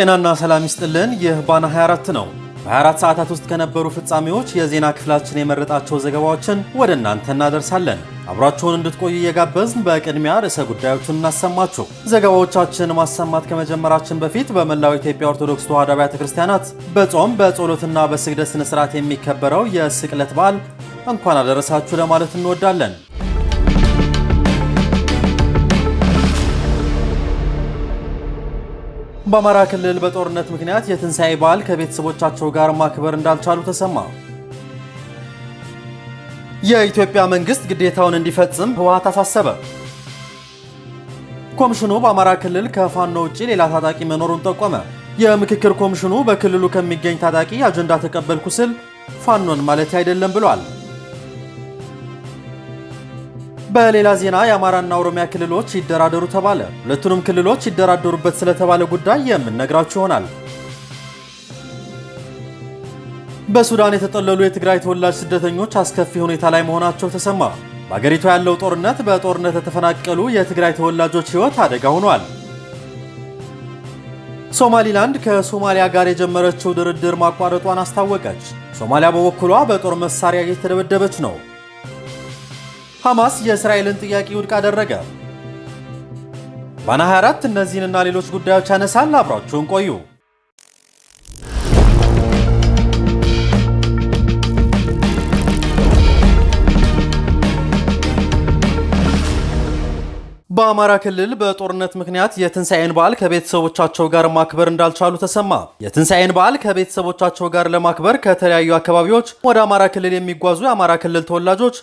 ጤናና ሰላም ይስጥልን። ይህ ባና 24 ነው። በ24 ሰዓታት ውስጥ ከነበሩ ፍጻሜዎች የዜና ክፍላችን የመረጣቸው ዘገባዎችን ወደ እናንተ እናደርሳለን። አብራችሁን እንድትቆዩ እየጋበዝን በቅድሚያ ርዕሰ ጉዳዮቹን እናሰማችሁ። ዘገባዎቻችን ማሰማት ከመጀመራችን በፊት በመላው ኢትዮጵያ ኦርቶዶክስ ተዋሕዶ አብያተ ክርስቲያናት በጾም በጸሎትና በስግደት ስነስርዓት የሚከበረው የስቅለት በዓል እንኳን አደረሳችሁ ለማለት እንወዳለን። በአማራ ክልል በጦርነት ምክንያት የትንሣኤ በዓል ከቤተሰቦቻቸው ጋር ማክበር እንዳልቻሉ ተሰማ። የኢትዮጵያ መንግሥት ግዴታውን እንዲፈጽም ህወሓት አሳሰበ። ኮሚሽኑ በአማራ ክልል ከፋኖ ውጭ ሌላ ታጣቂ መኖሩን ጠቆመ። የምክክር ኮሚሽኑ በክልሉ ከሚገኝ ታጣቂ አጀንዳ ተቀበልኩ ስል ፋኖን ማለት አይደለም ብሏል። በሌላ ዜና የአማራና ኦሮሚያ ክልሎች ይደራደሩ ተባለ። ሁለቱንም ክልሎች ይደራደሩበት ስለተባለ ጉዳይ የምንነግራችሁ ይሆናል። በሱዳን የተጠለሉ የትግራይ ተወላጅ ስደተኞች አስከፊ ሁኔታ ላይ መሆናቸው ተሰማ። በአገሪቱ ያለው ጦርነት በጦርነት የተፈናቀሉ የትግራይ ተወላጆች ሕይወት አደጋ ሆኗል። ሶማሊላንድ ከሶማሊያ ጋር የጀመረችው ድርድር ማቋረጧን አስታወቀች። ሶማሊያ በበኩሏ በጦር መሳሪያ እየተደበደበች ነው። ሐማስ የእስራኤልን ጥያቄ ውድቅ አደረገ። ባና 24 እነዚህንና ሌሎች ጉዳዮች ያነሳል። አብራችሁን ቆዩ። በአማራ ክልል በጦርነት ምክንያት የትንሣኤን በዓል ከቤተሰቦቻቸው ጋር ማክበር እንዳልቻሉ ተሰማ። የትንሣኤን በዓል ከቤተሰቦቻቸው ጋር ለማክበር ከተለያዩ አካባቢዎች ወደ አማራ ክልል የሚጓዙ የአማራ ክልል ተወላጆች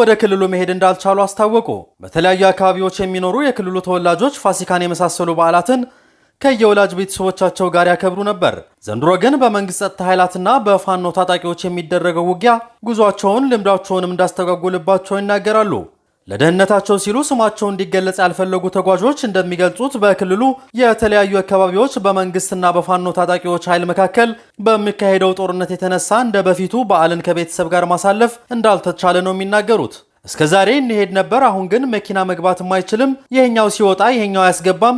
ወደ ክልሉ መሄድ እንዳልቻሉ አስታወቁ። በተለያዩ አካባቢዎች የሚኖሩ የክልሉ ተወላጆች ፋሲካን የመሳሰሉ በዓላትን ከየወላጅ ቤተሰቦቻቸው ጋር ያከብሩ ነበር። ዘንድሮ ግን በመንግስት ጸጥታ ኃይላትና በፋኖ ታጣቂዎች የሚደረገው ውጊያ ጉዟቸውን ልምዳቸውንም እንዳስተጓጉልባቸው ይናገራሉ። ለደህንነታቸው ሲሉ ስማቸው እንዲገለጽ ያልፈለጉ ተጓዦች እንደሚገልጹት በክልሉ የተለያዩ አካባቢዎች በመንግስትና በፋኖ ታጣቂዎች ኃይል መካከል በሚካሄደው ጦርነት የተነሳ እንደ በፊቱ በዓልን ከቤተሰብ ጋር ማሳለፍ እንዳልተቻለ ነው የሚናገሩት። እስከ ዛሬ እንሄድ ነበር፣ አሁን ግን መኪና መግባትም አይችልም። ይሄኛው ሲወጣ ይሄኛው አያስገባም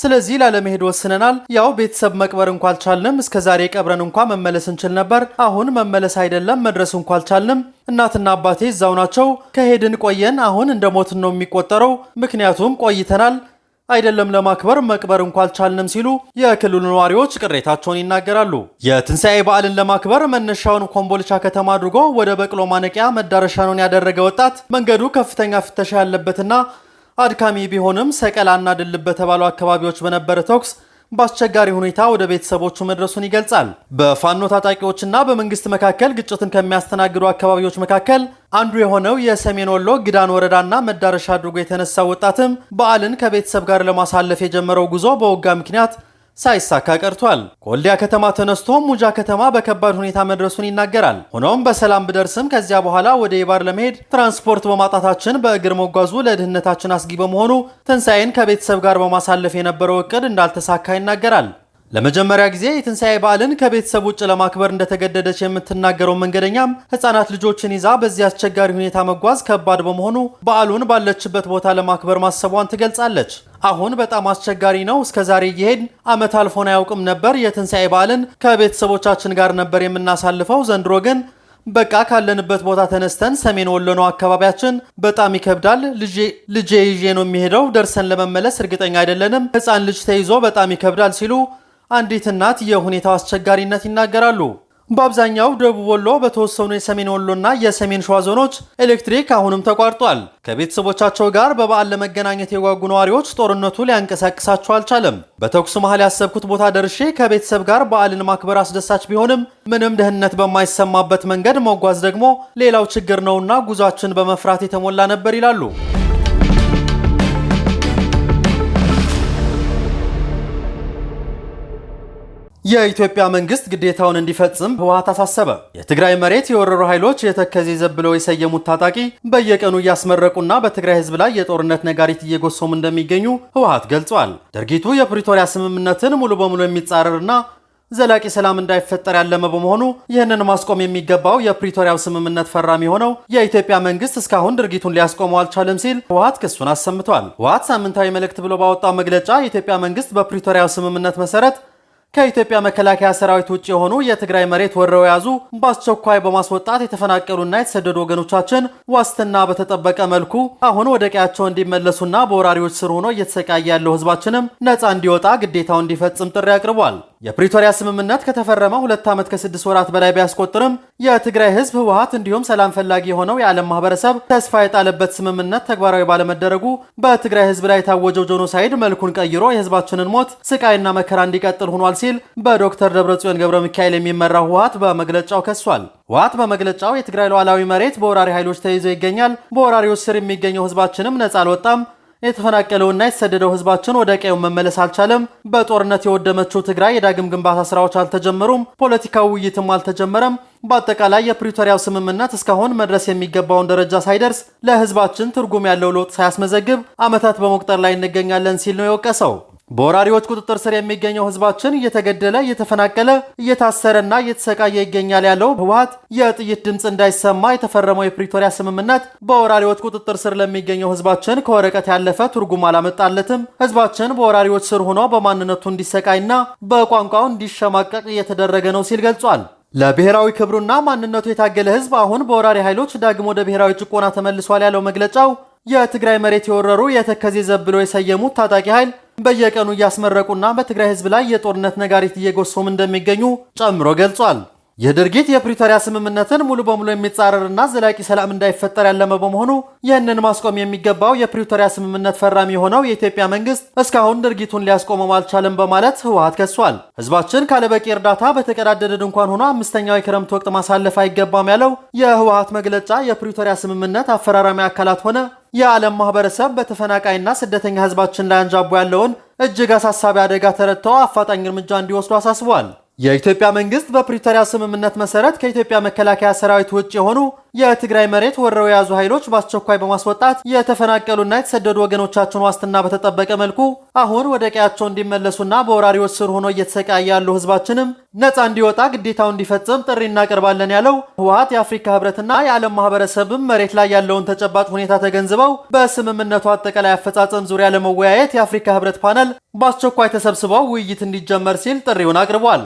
ስለዚህ ላለመሄድ ወስነናል። ያው ቤተሰብ መቅበር እንኳ አልቻልንም። እስከ ዛሬ ቀብረን እንኳ መመለስ እንችል ነበር። አሁን መመለስ አይደለም መድረስ እንኳ አልቻልንም። እናትና አባቴ እዛው ናቸው። ከሄድን ቆየን። አሁን እንደ ሞትን ነው የሚቆጠረው፣ ምክንያቱም ቆይተናል አይደለም ለማክበር መቅበር እንኳ አልቻልንም ሲሉ የክልሉ ነዋሪዎች ቅሬታቸውን ይናገራሉ። የትንሣኤ በዓልን ለማክበር መነሻውን ኮምቦልቻ ከተማ አድርጎ ወደ በቅሎ ማነቂያ መዳረሻውን ያደረገ ወጣት መንገዱ ከፍተኛ ፍተሻ ያለበትና አድካሚ ቢሆንም ሰቀላና ድልብ በተባሉ አካባቢዎች በነበረ ተኩስ በአስቸጋሪ ሁኔታ ወደ ቤተሰቦቹ መድረሱን ይገልጻል። በፋኖ ታጣቂዎችና በመንግስት መካከል ግጭትን ከሚያስተናግዱ አካባቢዎች መካከል አንዱ የሆነው የሰሜን ወሎ ግዳን ወረዳና መዳረሻ አድርጎ የተነሳው ወጣትም በዓልን ከቤተሰብ ጋር ለማሳለፍ የጀመረው ጉዞ በውጋ ምክንያት ሳይሳካ ቀርቷል። ከወልዲያ ከተማ ተነስቶ ሙጃ ከተማ በከባድ ሁኔታ መድረሱን ይናገራል። ሆኖም በሰላም ብደርስም ከዚያ በኋላ ወደ የባር ለመሄድ ትራንስፖርት በማጣታችን በእግር መጓዙ ለድህነታችን አስጊ በመሆኑ ትንሣኤን ከቤተሰብ ጋር በማሳለፍ የነበረው እቅድ እንዳልተሳካ ይናገራል። ለመጀመሪያ ጊዜ የትንሣኤ በዓልን ከቤተሰብ ውጭ ለማክበር እንደተገደደች የምትናገረው መንገደኛም ሕፃናት ልጆችን ይዛ በዚህ አስቸጋሪ ሁኔታ መጓዝ ከባድ በመሆኑ በዓሉን ባለችበት ቦታ ለማክበር ማሰቧን ትገልጻለች። አሁን በጣም አስቸጋሪ ነው። እስከ ዛሬ እየሄድን ዓመት አልፎን አያውቅም ነበር። የትንሣኤ በዓልን ከቤተሰቦቻችን ጋር ነበር የምናሳልፈው። ዘንድሮ ግን በቃ ካለንበት ቦታ ተነስተን ሰሜን ወሎ ነው አካባቢያችን። በጣም ይከብዳል። ልጄ ይዤ ነው የሚሄደው። ደርሰን ለመመለስ እርግጠኛ አይደለንም። ሕፃን ልጅ ተይዞ በጣም ይከብዳል ሲሉ አንዲት እናት የሁኔታው አስቸጋሪነት ይናገራሉ። በአብዛኛው ደቡብ ወሎ በተወሰኑ የሰሜን ወሎና የሰሜን ሸዋ ዞኖች ኤሌክትሪክ አሁንም ተቋርጧል። ከቤተሰቦቻቸው ጋር በበዓል ለመገናኘት የጓጉ ነዋሪዎች ጦርነቱ ሊያንቀሳቅሳቸው አልቻለም። በተኩሱ መሃል ያሰብኩት ቦታ ደርሼ ከቤተሰብ ጋር በዓልን ማክበር አስደሳች ቢሆንም ምንም ደህንነት በማይሰማበት መንገድ መጓዝ ደግሞ ሌላው ችግር ነውና ጉዟችን በመፍራት የተሞላ ነበር ይላሉ። የኢትዮጵያ መንግስት ግዴታውን እንዲፈጽም ህወሓት አሳሰበ። የትግራይ መሬት የወረሩ ኃይሎች የተከዜ ዘብ ብለው የሰየሙት ታጣቂ በየቀኑ እያስመረቁና በትግራይ ህዝብ ላይ የጦርነት ነጋሪት እየጎሰሙ እንደሚገኙ ህወሓት ገልጿል። ድርጊቱ የፕሪቶሪያ ስምምነትን ሙሉ በሙሉ የሚጻረርና ዘላቂ ሰላም እንዳይፈጠር ያለመ በመሆኑ ይህንን ማስቆም የሚገባው የፕሪቶሪያው ስምምነት ፈራሚ የሆነው የኢትዮጵያ መንግስት እስካሁን ድርጊቱን ሊያስቆመው አልቻለም ሲል ህወሓት ክሱን አሰምቷል። ህወሓት ሳምንታዊ መልእክት ብሎ ባወጣው መግለጫ የኢትዮጵያ መንግስት በፕሪቶሪያው ስምምነት መሰረት ከኢትዮጵያ መከላከያ ሰራዊት ውጭ የሆኑ የትግራይ መሬት ወረው የያዙ በአስቸኳይ በማስወጣት የተፈናቀሉና የተሰደዱ ወገኖቻችን ዋስትና በተጠበቀ መልኩ አሁን ወደ ቀያቸው እንዲመለሱና በወራሪዎች ስር ሆኖ እየተሰቃየ ያለው ህዝባችንም ነፃ እንዲወጣ ግዴታው እንዲፈጽም ጥሪ አቅርቧል። የፕሪቶሪያ ስምምነት ከተፈረመ ሁለት ዓመት ከስድስት ወራት በላይ ቢያስቆጥርም የትግራይ ህዝብ፣ ህወሀት እንዲሁም ሰላም ፈላጊ የሆነው የዓለም ማህበረሰብ ተስፋ የጣለበት ስምምነት ተግባራዊ ባለመደረጉ በትግራይ ህዝብ ላይ የታወጀው ጆኖሳይድ መልኩን ቀይሮ የህዝባችንን ሞት ስቃይና መከራ እንዲቀጥል ሆኗል ሲል በዶክተር ደብረጽዮን ገብረ ሚካኤል የሚመራው ህወሀት በመግለጫው ከሷል። ህወሀት በመግለጫው የትግራይ ሉዓላዊ መሬት በወራሪ ኃይሎች ተይዞ ይገኛል፣ በወራሪዎች ስር የሚገኘው ህዝባችንም ነጻ አልወጣም የተፈናቀለውና የተሰደደው ህዝባችን ወደ ቀዩ መመለስ አልቻለም። በጦርነት የወደመችው ትግራይ የዳግም ግንባታ ስራዎች አልተጀመሩም። ፖለቲካዊ ውይይትም አልተጀመረም። በአጠቃላይ የፕሪቶሪያው ስምምነት እስካሁን መድረስ የሚገባውን ደረጃ ሳይደርስ ለህዝባችን ትርጉም ያለው ለውጥ ሳያስመዘግብ ዓመታት በመቁጠር ላይ እንገኛለን ሲል ነው የወቀሰው። በወራሪዎች ቁጥጥር ስር የሚገኘው ህዝባችን እየተገደለ እየተፈናቀለ እየታሰረና እየተሰቃየ ይገኛል ያለው ህወሓት የጥይት ድምፅ እንዳይሰማ የተፈረመው የፕሪቶሪያ ስምምነት በወራሪዎች ቁጥጥር ስር ለሚገኘው ህዝባችን ከወረቀት ያለፈ ትርጉም አላመጣለትም። ህዝባችን በወራሪዎች ስር ሆኖ በማንነቱ እንዲሰቃይና በቋንቋው እንዲሸማቀቅ እየተደረገ ነው ሲል ገልጿል። ለብሔራዊ ክብሩና ማንነቱ የታገለ ህዝብ አሁን በወራሪ ኃይሎች ዳግም ወደ ብሔራዊ ጭቆና ተመልሷል ያለው መግለጫው የትግራይ መሬት የወረሩ የተከዜ ዘብ ብለው የሰየሙት ታጣቂ ኃይል በየቀኑ እያስመረቁና በትግራይ ህዝብ ላይ የጦርነት ነጋሪት እየጎሰሙ እንደሚገኙ ጨምሮ ገልጿል። የድርጊት የፕሪቶሪያ ስምምነትን ሙሉ በሙሉ የሚጻረርና ዘላቂ ሰላም እንዳይፈጠር ያለመ በመሆኑ ይህንን ማስቆም የሚገባው የፕሪቶሪያ ስምምነት ፈራሚ የሆነው የኢትዮጵያ መንግስት እስካሁን ድርጊቱን ሊያስቆመው አልቻለም በማለት ህወሀት ከሷል። ህዝባችን ካለበቂ እርዳታ በተቀዳደደ ድንኳን ሆኖ አምስተኛው የክረምት ወቅት ማሳለፍ አይገባም ያለው የህወሀት መግለጫ የፕሪቶሪያ ስምምነት አፈራራሚ አካላት ሆነ የዓለም ማህበረሰብ በተፈናቃይና ስደተኛ ህዝባችን ላይ አንዣቦ ያለውን እጅግ አሳሳቢ አደጋ ተረድተው አፋጣኝ እርምጃ እንዲወስዱ አሳስቧል። የኢትዮጵያ መንግስት በፕሪቶሪያ ስምምነት መሰረት ከኢትዮጵያ መከላከያ ሰራዊት ውጭ የሆኑ የትግራይ መሬት ወረው የያዙ ኃይሎች በአስቸኳይ በማስወጣት የተፈናቀሉና የተሰደዱ ወገኖቻችን ዋስትና በተጠበቀ መልኩ አሁን ወደ ቀያቸው እንዲመለሱና በወራሪዎች ስር ሆኖ እየተሰቃየ ያለው ህዝባችንም ነፃ እንዲወጣ ግዴታው እንዲፈጽም ጥሪ እናቀርባለን ያለው ህወሀት የአፍሪካ ህብረትና የዓለም ማህበረሰብም መሬት ላይ ያለውን ተጨባጭ ሁኔታ ተገንዝበው በስምምነቱ አጠቃላይ አፈጻጸም ዙሪያ ለመወያየት የአፍሪካ ህብረት ፓነል በአስቸኳይ ተሰብስበው ውይይት እንዲጀመር ሲል ጥሪውን አቅርቧል።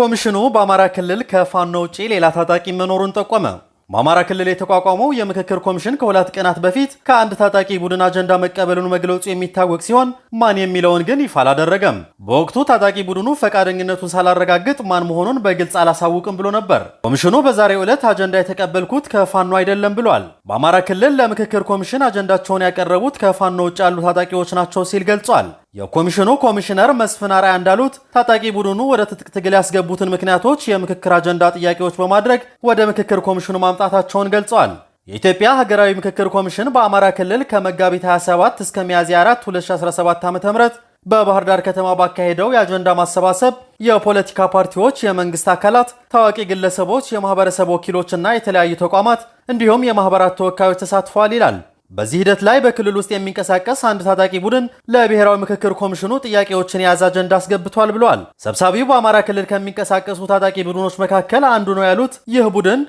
ኮሚሽኑ በአማራ ክልል ከፋኖ ውጪ ሌላ ታጣቂ መኖሩን ጠቆመ። በአማራ ክልል የተቋቋመው የምክክር ኮሚሽን ከሁለት ቀናት በፊት ከአንድ ታጣቂ ቡድን አጀንዳ መቀበሉን መግለጹ የሚታወቅ ሲሆን ማን የሚለውን ግን ይፋ አላደረገም። በወቅቱ ታጣቂ ቡድኑ ፈቃደኝነቱን ሳላረጋግጥ ማን መሆኑን በግልጽ አላሳውቅም ብሎ ነበር። ኮሚሽኑ በዛሬው ዕለት አጀንዳ የተቀበልኩት ከፋኖ አይደለም ብሏል። በአማራ ክልል ለምክክር ኮሚሽን አጀንዳቸውን ያቀረቡት ከፋኖ ውጭ ያሉ ታጣቂዎች ናቸው ሲል ገልጿል። የኮሚሽኑ ኮሚሽነር መስፍን አርአያ እንዳሉት ታጣቂ ቡድኑ ወደ ትጥቅ ትግል ያስገቡትን ምክንያቶች የምክክር አጀንዳ ጥያቄዎች በማድረግ ወደ ምክክር ኮሚሽኑ ማምጣታቸውን ገልጸዋል። የኢትዮጵያ ሀገራዊ ምክክር ኮሚሽን በአማራ ክልል ከመጋቢት 27 እስከ ሚያዝያ 4 2017 ዓ ም በባህር ዳር ከተማ ባካሄደው የአጀንዳ ማሰባሰብ የፖለቲካ ፓርቲዎች፣ የመንግስት አካላት፣ ታዋቂ ግለሰቦች፣ የማህበረሰብ ወኪሎችና የተለያዩ ተቋማት እንዲሁም የማህበራት ተወካዮች ተሳትፈዋል ይላል። በዚህ ሂደት ላይ በክልል ውስጥ የሚንቀሳቀስ አንድ ታጣቂ ቡድን ለብሔራዊ ምክክር ኮሚሽኑ ጥያቄዎችን የያዘ አጀንዳ አስገብቷል ብለዋል። ሰብሳቢው በአማራ ክልል ከሚንቀሳቀሱ ታጣቂ ቡድኖች መካከል አንዱ ነው ያሉት ይህ ቡድን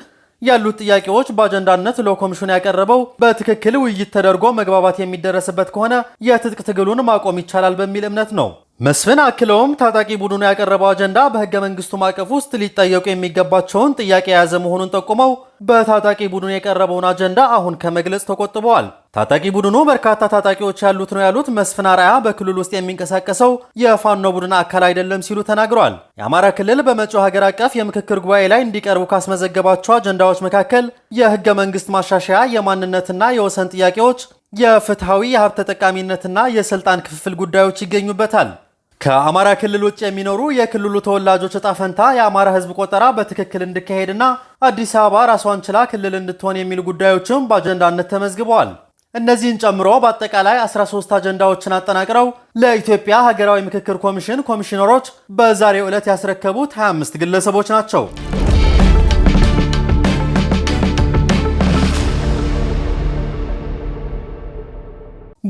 ያሉት ጥያቄዎች በአጀንዳነት ለኮሚሽኑ ያቀረበው በትክክል ውይይት ተደርጎ መግባባት የሚደረስበት ከሆነ የትጥቅ ትግሉን ማቆም ይቻላል በሚል እምነት ነው። መስፍን አክለውም ታጣቂ ቡድኑ ያቀረበው አጀንዳ በህገ መንግስቱ ማዕቀፍ ውስጥ ሊጠየቁ የሚገባቸውን ጥያቄ የያዘ መሆኑን ጠቁመው በታጣቂ ቡድኑ የቀረበውን አጀንዳ አሁን ከመግለጽ ተቆጥበዋል። ታጣቂ ቡድኑ በርካታ ታጣቂዎች ያሉት ነው ያሉት መስፍን አርአያ በክልል ውስጥ የሚንቀሳቀሰው የፋኖ ቡድን አካል አይደለም ሲሉ ተናግረዋል። የአማራ ክልል በመጪው ሀገር አቀፍ የምክክር ጉባኤ ላይ እንዲቀርቡ ካስመዘገባቸው አጀንዳዎች መካከል የህገ መንግስት ማሻሻያ፣ የማንነትና የወሰን ጥያቄዎች፣ የፍትሐዊ የሀብት ተጠቃሚነትና የስልጣን ክፍፍል ጉዳዮች ይገኙበታል። ከአማራ ክልል ውጭ የሚኖሩ የክልሉ ተወላጆች እጣ ፈንታ የአማራ ሕዝብ ቆጠራ በትክክል እንዲካሄድና አዲስ አበባ ራሷን ችላ ክልል እንድትሆን የሚሉ ጉዳዮችም በአጀንዳነት ተመዝግበዋል። እነዚህን ጨምሮ በአጠቃላይ 13 አጀንዳዎችን አጠናቅረው ለኢትዮጵያ ሀገራዊ ምክክር ኮሚሽን ኮሚሽነሮች በዛሬው ዕለት ያስረከቡት 25 ግለሰቦች ናቸው።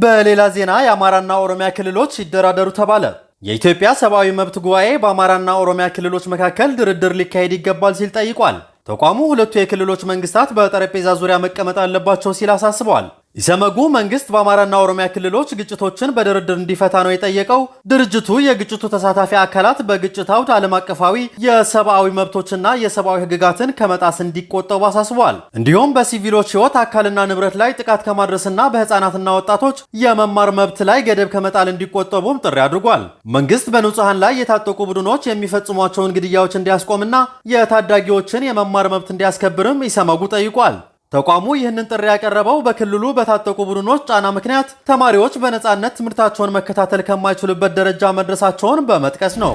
በሌላ ዜና የአማራና ኦሮሚያ ክልሎች ይደራደሩ ተባለ። የኢትዮጵያ ሰብአዊ መብት ጉባኤ በአማራና ኦሮሚያ ክልሎች መካከል ድርድር ሊካሄድ ይገባል ሲል ጠይቋል። ተቋሙ ሁለቱ የክልሎች መንግስታት በጠረጴዛ ዙሪያ መቀመጥ አለባቸው ሲል አሳስበዋል። ኢሰመጉ መንግስት በአማራና ኦሮሚያ ክልሎች ግጭቶችን በድርድር እንዲፈታ ነው የጠየቀው። ድርጅቱ የግጭቱ ተሳታፊ አካላት በግጭት አውድ ዓለም አቀፋዊ የሰብአዊ መብቶችና የሰብአዊ ህግጋትን ከመጣስ እንዲቆጠቡ አሳስቧል። እንዲሁም በሲቪሎች ሕይወት አካልና ንብረት ላይ ጥቃት ከማድረስና በህፃናትና ወጣቶች የመማር መብት ላይ ገደብ ከመጣል እንዲቆጠቡም ጥሪ አድርጓል። መንግስት በንጹሐን ላይ የታጠቁ ቡድኖች የሚፈጽሟቸውን ግድያዎች እንዲያስቆምና የታዳጊዎችን የመማር መብት እንዲያስከብርም ኢሰመጉ ጠይቋል። ተቋሙ ይህንን ጥሪ ያቀረበው በክልሉ በታጠቁ ቡድኖች ጫና ምክንያት ተማሪዎች በነፃነት ትምህርታቸውን መከታተል ከማይችሉበት ደረጃ መድረሳቸውን በመጥቀስ ነው።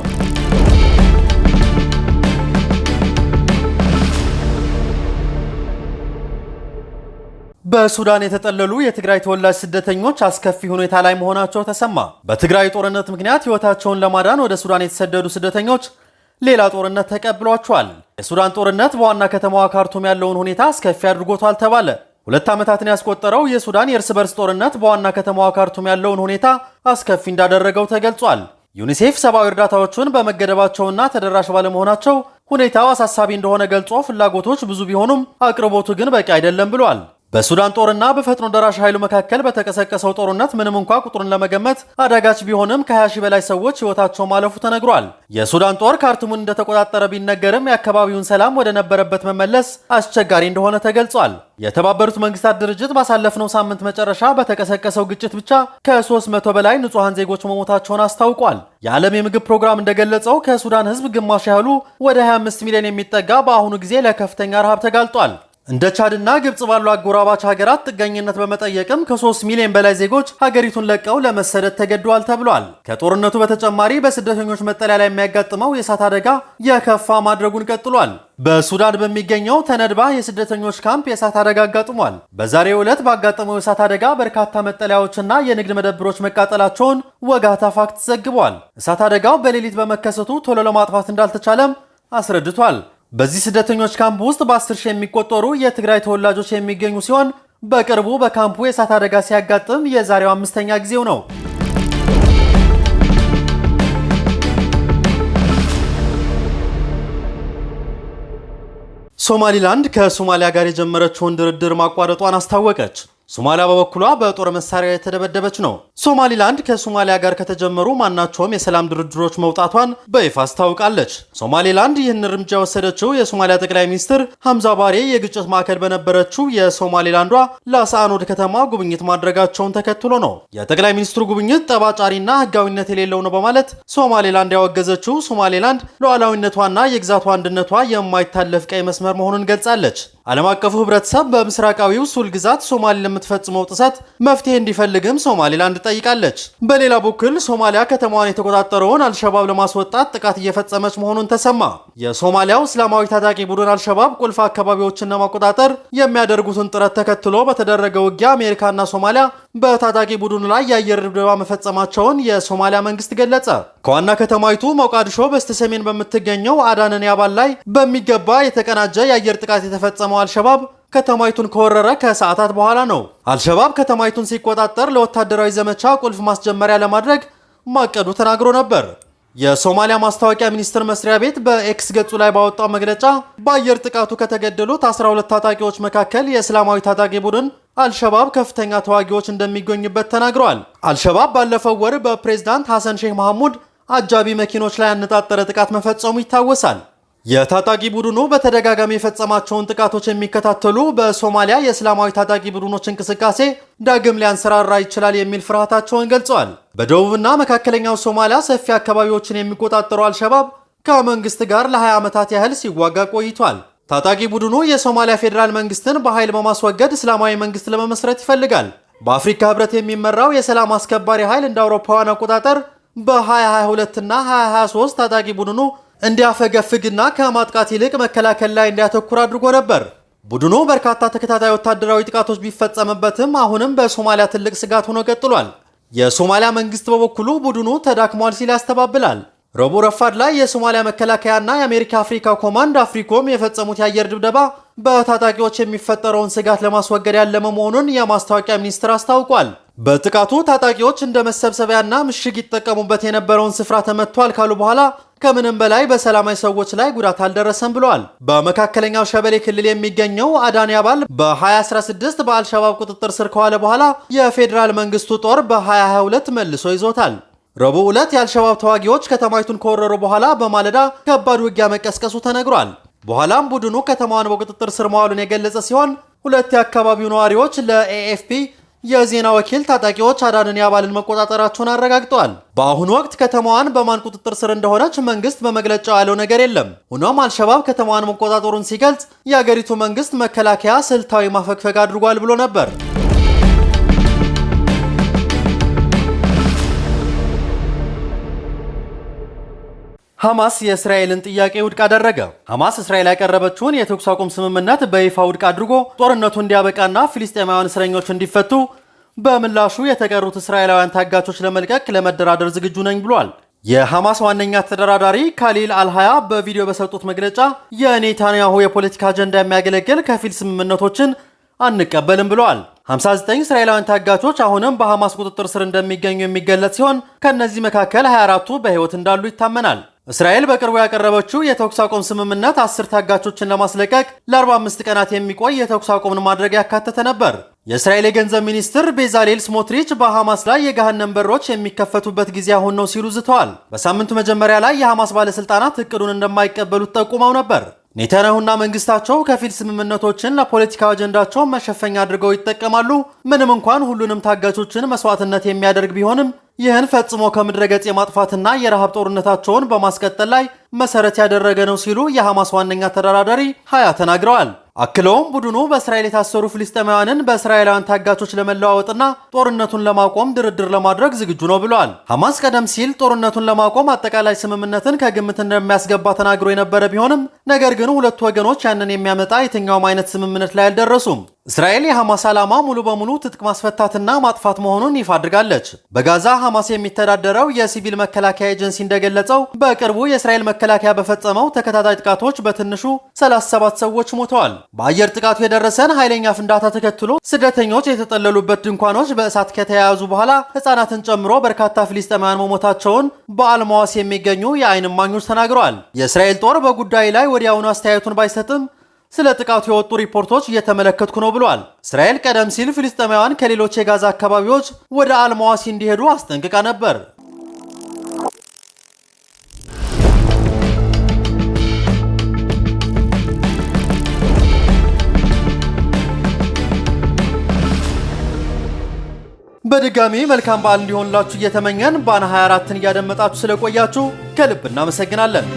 በሱዳን የተጠለሉ የትግራይ ተወላጅ ስደተኞች አስከፊ ሁኔታ ላይ መሆናቸው ተሰማ። በትግራይ ጦርነት ምክንያት ሕይወታቸውን ለማዳን ወደ ሱዳን የተሰደዱ ስደተኞች ሌላ ጦርነት ተቀብሏቸዋል። የሱዳን ጦርነት በዋና ከተማዋ ካርቱም ያለውን ሁኔታ አስከፊ አድርጎቷል ተባለ። ሁለት ዓመታትን ያስቆጠረው የሱዳን የእርስ በርስ ጦርነት በዋና ከተማዋ ካርቱም ያለውን ሁኔታ አስከፊ እንዳደረገው ተገልጿል። ዩኒሴፍ ሰብአዊ እርዳታዎቹን በመገደባቸውና ተደራሽ ባለመሆናቸው ሁኔታው አሳሳቢ እንደሆነ ገልጾ ፍላጎቶች ብዙ ቢሆኑም አቅርቦቱ ግን በቂ አይደለም ብሏል። በሱዳን ጦርና በፈጥኖ ደራሽ ኃይሉ መካከል በተቀሰቀሰው ጦርነት ምንም እንኳ ቁጥሩን ለመገመት አዳጋች ቢሆንም ከ20 ሺህ በላይ ሰዎች ሕይወታቸው ማለፉ ተነግሯል። የሱዳን ጦር ካርቱሙን እንደተቆጣጠረ ቢነገርም የአካባቢውን ሰላም ወደ ነበረበት መመለስ አስቸጋሪ እንደሆነ ተገልጿል። የተባበሩት መንግስታት ድርጅት ባሳለፍነው ሳምንት መጨረሻ በተቀሰቀሰው ግጭት ብቻ ከ300 በላይ ንጹሐን ዜጎች መሞታቸውን አስታውቋል። የዓለም የምግብ ፕሮግራም እንደገለጸው ከሱዳን ህዝብ ግማሽ ያህሉ ወደ 25 ሚሊዮን የሚጠጋ በአሁኑ ጊዜ ለከፍተኛ ረሃብ ተጋልጧል። እንደ ቻድና ግብጽ ባሉ አጎራባች ሀገራት ጥገኝነት በመጠየቅም ከ3 ሚሊዮን በላይ ዜጎች ሀገሪቱን ለቀው ለመሰደድ ተገደዋል ተብሏል። ከጦርነቱ በተጨማሪ በስደተኞች መጠለያ ላይ የሚያጋጥመው የእሳት አደጋ የከፋ ማድረጉን ቀጥሏል። በሱዳን በሚገኘው ተነድባ የስደተኞች ካምፕ የእሳት አደጋ አጋጥሟል። በዛሬው ዕለት ባጋጠመው የእሳት አደጋ በርካታ መጠለያዎችና የንግድ መደብሮች መቃጠላቸውን ወጋታ ፋክት ዘግቧል። እሳት አደጋው በሌሊት በመከሰቱ ቶሎ ለማጥፋት እንዳልተቻለም አስረድቷል። በዚህ ስደተኞች ካምፕ ውስጥ በ10 ሺህ የሚቆጠሩ የትግራይ ተወላጆች የሚገኙ ሲሆን በቅርቡ በካምፑ የእሳት አደጋ ሲያጋጥም የዛሬው አምስተኛ ጊዜው ነው። ሶማሊላንድ ከሶማሊያ ጋር የጀመረችውን ድርድር ማቋረጧን አስታወቀች። ሶማሊያ በበኩሏ በጦር መሳሪያ የተደበደበች ነው። ሶማሊላንድ ከሶማሊያ ጋር ከተጀመሩ ማናቸውም የሰላም ድርድሮች መውጣቷን በይፋ አስታውቃለች። ሶማሊላንድ ይህን እርምጃ የወሰደችው የሶማሊያ ጠቅላይ ሚኒስትር ሐምዛ ባሬ የግጭት ማዕከል በነበረችው የሶማሊላንዷ ላስአኖድ ከተማ ጉብኝት ማድረጋቸውን ተከትሎ ነው። የጠቅላይ ሚኒስትሩ ጉብኝት ጠባጫሪና ሕጋዊነት የሌለው ነው በማለት ሶማሌላንድ ያወገዘችው ሶማሌላንድ ሉዓላዊነቷና የግዛቷ አንድነቷ የማይታለፍ ቀይ መስመር መሆኑን ገልጻለች። ዓለም አቀፉ ህብረተሰብ በምስራቃዊው ሱል ግዛት ሶማሌ ለምትፈጽመው ጥሰት መፍትሄ እንዲፈልግም ሶማሊላንድ ጠይቃለች። በሌላ በኩል ሶማሊያ ከተማዋን የተቆጣጠረውን አልሸባብ ለማስወጣት ጥቃት እየፈጸመች መሆኑን ተሰማ። የሶማሊያው እስላማዊ ታጣቂ ቡድን አልሸባብ ቁልፍ አካባቢዎችን ለማቆጣጠር የሚያደርጉትን ጥረት ተከትሎ በተደረገ ውጊያ አሜሪካና ሶማሊያ በታጣቂ ቡድኑ ላይ የአየር ድብደባ መፈጸማቸውን የሶማሊያ መንግስት ገለጸ። ከዋና ከተማይቱ ሞቃዲሾ በስተሰሜን በምትገኘው አዳነን ያባል ላይ በሚገባ የተቀናጀ የአየር ጥቃት የተፈጸመው አልሸባብ ከተማይቱን ከወረረ ከሰዓታት በኋላ ነው። አልሸባብ ከተማይቱን ሲቆጣጠር ለወታደራዊ ዘመቻ ቁልፍ ማስጀመሪያ ለማድረግ ማቀዱ ተናግሮ ነበር። የሶማሊያ ማስታወቂያ ሚኒስቴር መስሪያ ቤት በኤክስ ገጹ ላይ ባወጣው መግለጫ በአየር ጥቃቱ ከተገደሉት 12 ታጣቂዎች መካከል የእስላማዊ ታጣቂ ቡድን አልሸባብ ከፍተኛ ተዋጊዎች እንደሚገኙበት ተናግረዋል። አልሸባብ ባለፈው ወር በፕሬዝዳንት ሐሰን ሼህ መሐሙድ አጃቢ መኪኖች ላይ ያነጣጠረ ጥቃት መፈጸሙ ይታወሳል። የታጣቂ ቡድኑ በተደጋጋሚ የፈጸማቸውን ጥቃቶች የሚከታተሉ በሶማሊያ የእስላማዊ ታጣቂ ቡድኖች እንቅስቃሴ ዳግም ሊያንሰራራ ይችላል የሚል ፍርሃታቸውን ገልጸዋል። በደቡብና መካከለኛው ሶማሊያ ሰፊ አካባቢዎችን የሚቆጣጠሩ አልሸባብ ከመንግስት ጋር ለ20 ዓመታት ያህል ሲዋጋ ቆይቷል። ታጣቂ ቡድኑ የሶማሊያ ፌዴራል መንግስትን በኃይል በማስወገድ እስላማዊ መንግስት ለመመስረት ይፈልጋል። በአፍሪካ ህብረት የሚመራው የሰላም አስከባሪ ኃይል እንደ አውሮፓውያን አቆጣጠር በ2022 እና 2023 ታጣቂ ቡድኑ እንዲያፈገፍግና ከማጥቃት ይልቅ መከላከል ላይ እንዲያተኩር አድርጎ ነበር። ቡድኑ በርካታ ተከታታይ ወታደራዊ ጥቃቶች ቢፈጸምበትም አሁንም በሶማሊያ ትልቅ ስጋት ሆኖ ቀጥሏል። የሶማሊያ መንግስት በበኩሉ ቡድኑ ተዳክሟል ሲል ያስተባብላል። ረቡዕ ረፋድ ላይ የሶማሊያ መከላከያና የአሜሪካ አፍሪካ ኮማንድ አፍሪኮም የፈጸሙት የአየር ድብደባ በታጣቂዎች የሚፈጠረውን ስጋት ለማስወገድ ያለመ መሆኑን የማስታወቂያ ሚኒስትር አስታውቋል። በጥቃቱ ታጣቂዎች እንደ መሰብሰቢያና ምሽግ ይጠቀሙበት የነበረውን ስፍራ ተመቷል ካሉ በኋላ ከምንም በላይ በሰላማዊ ሰዎች ላይ ጉዳት አልደረሰም ብለዋል። በመካከለኛው ሸበሌ ክልል የሚገኘው አዳን አባል በ2016 በአልሸባብ ቁጥጥር ስር ከዋለ በኋላ የፌዴራል መንግስቱ ጦር በ2022 መልሶ ይዞታል። ረቡዕ ዕለት የአልሸባብ ተዋጊዎች ከተማይቱን ከወረሩ በኋላ በማለዳ ከባድ ውጊያ መቀስቀሱ ተነግሯል። በኋላም ቡድኑ ከተማዋን በቁጥጥር ስር መዋሉን የገለጸ ሲሆን ሁለት የአካባቢው ነዋሪዎች ለኤኤፍፒ የዜና ወኪል ታጣቂዎች አዳንን አባልን መቆጣጠራቸውን አረጋግጠዋል። በአሁኑ ወቅት ከተማዋን በማን ቁጥጥር ስር እንደሆነች መንግስት በመግለጫው ያለው ነገር የለም። ሆኖም አልሸባብ ከተማዋን መቆጣጠሩን ሲገልጽ የአገሪቱ መንግስት መከላከያ ስልታዊ ማፈግፈግ አድርጓል ብሎ ነበር። ሐማስ የእስራኤልን ጥያቄ ውድቅ አደረገ። ሐማስ እስራኤል ያቀረበችውን የተኩስ አቁም ስምምነት በይፋ ውድቅ አድርጎ ጦርነቱ እንዲያበቃና ፊልስጤማውያን እስረኞች እንዲፈቱ፣ በምላሹ የተቀሩት እስራኤላውያን ታጋቾች ለመልቀቅ ለመደራደር ዝግጁ ነኝ ብሏል። የሐማስ ዋነኛ ተደራዳሪ ካሊል አልሃያ በቪዲዮ በሰጡት መግለጫ የኔታንያሁ የፖለቲካ አጀንዳ የሚያገለግል ከፊል ስምምነቶችን አንቀበልም ብለዋል። 59 እስራኤላውያን ታጋቾች አሁንም በሐማስ ቁጥጥር ስር እንደሚገኙ የሚገለጽ ሲሆን ከእነዚህ መካከል 24ቱ በሕይወት እንዳሉ ይታመናል። እስራኤል በቅርቡ ያቀረበችው የተኩስ አቁም ስምምነት አስር ታጋቾችን ለማስለቀቅ ለ45 ቀናት የሚቆይ የተኩስ አቁምን ማድረግ ያካተተ ነበር። የእስራኤል የገንዘብ ሚኒስትር ቤዛሌል ስሞትሪች በሐማስ ላይ የገሃነም በሮች የሚከፈቱበት ጊዜ አሁን ነው ሲሉ ዝተዋል። በሳምንቱ መጀመሪያ ላይ የሐማስ ባለሥልጣናት እቅዱን እንደማይቀበሉት ጠቁመው ነበር። ኔታንያሁና መንግስታቸው ከፊል ስምምነቶችን ለፖለቲካ አጀንዳቸው መሸፈኛ አድርገው ይጠቀማሉ፣ ምንም እንኳን ሁሉንም ታጋቾችን መስዋዕትነት የሚያደርግ ቢሆንም ይህን ፈጽሞ ከምድረገጽ የማጥፋትና የረሃብ ጦርነታቸውን በማስቀጠል ላይ መሰረት ያደረገ ነው ሲሉ የሐማስ ዋነኛ ተደራዳሪ ሀያ ተናግረዋል። አክለውም ቡድኑ በእስራኤል የታሰሩ ፍልስጤማውያንን በእስራኤላውያን ታጋቾች ለመለዋወጥና ጦርነቱን ለማቆም ድርድር ለማድረግ ዝግጁ ነው ብለዋል። ሐማስ ቀደም ሲል ጦርነቱን ለማቆም አጠቃላይ ስምምነትን ከግምት እንደሚያስገባ ተናግሮ የነበረ ቢሆንም ነገር ግን ሁለቱ ወገኖች ያንን የሚያመጣ የትኛውም አይነት ስምምነት ላይ አልደረሱም። እስራኤል የሐማስ ዓላማ ሙሉ በሙሉ ትጥቅ ማስፈታትና ማጥፋት መሆኑን ይፋ አድርጋለች። በጋዛ ሐማስ የሚተዳደረው የሲቪል መከላከያ ኤጀንሲ እንደገለጸው በቅርቡ የእስራኤል መከላከያ በፈጸመው ተከታታይ ጥቃቶች በትንሹ 37 ሰዎች ሞተዋል። በአየር ጥቃቱ የደረሰን ኃይለኛ ፍንዳታ ተከትሎ ስደተኞች የተጠለሉበት ድንኳኖች በእሳት ከተያያዙ በኋላ ሕፃናትን ጨምሮ በርካታ ፍልስጤማውያን መሞታቸውን በአልማዋስ የሚገኙ የአይን እማኞች ተናግረዋል። የእስራኤል ጦር በጉዳዩ ላይ ወዲያውኑ አስተያየቱን ባይሰጥም ስለ ጥቃቱ የወጡ ሪፖርቶች እየተመለከትኩ ነው ብሏል። እስራኤል ቀደም ሲል ፍልስጤማውያን ከሌሎች የጋዛ አካባቢዎች ወደ አልማዋሲ እንዲሄዱ አስጠንቅቃ ነበር። በድጋሚ መልካም በዓል እንዲሆንላችሁ እየተመኘን ባና 24ን እያደመጣችሁ ስለቆያችሁ ከልብ እናመሰግናለን።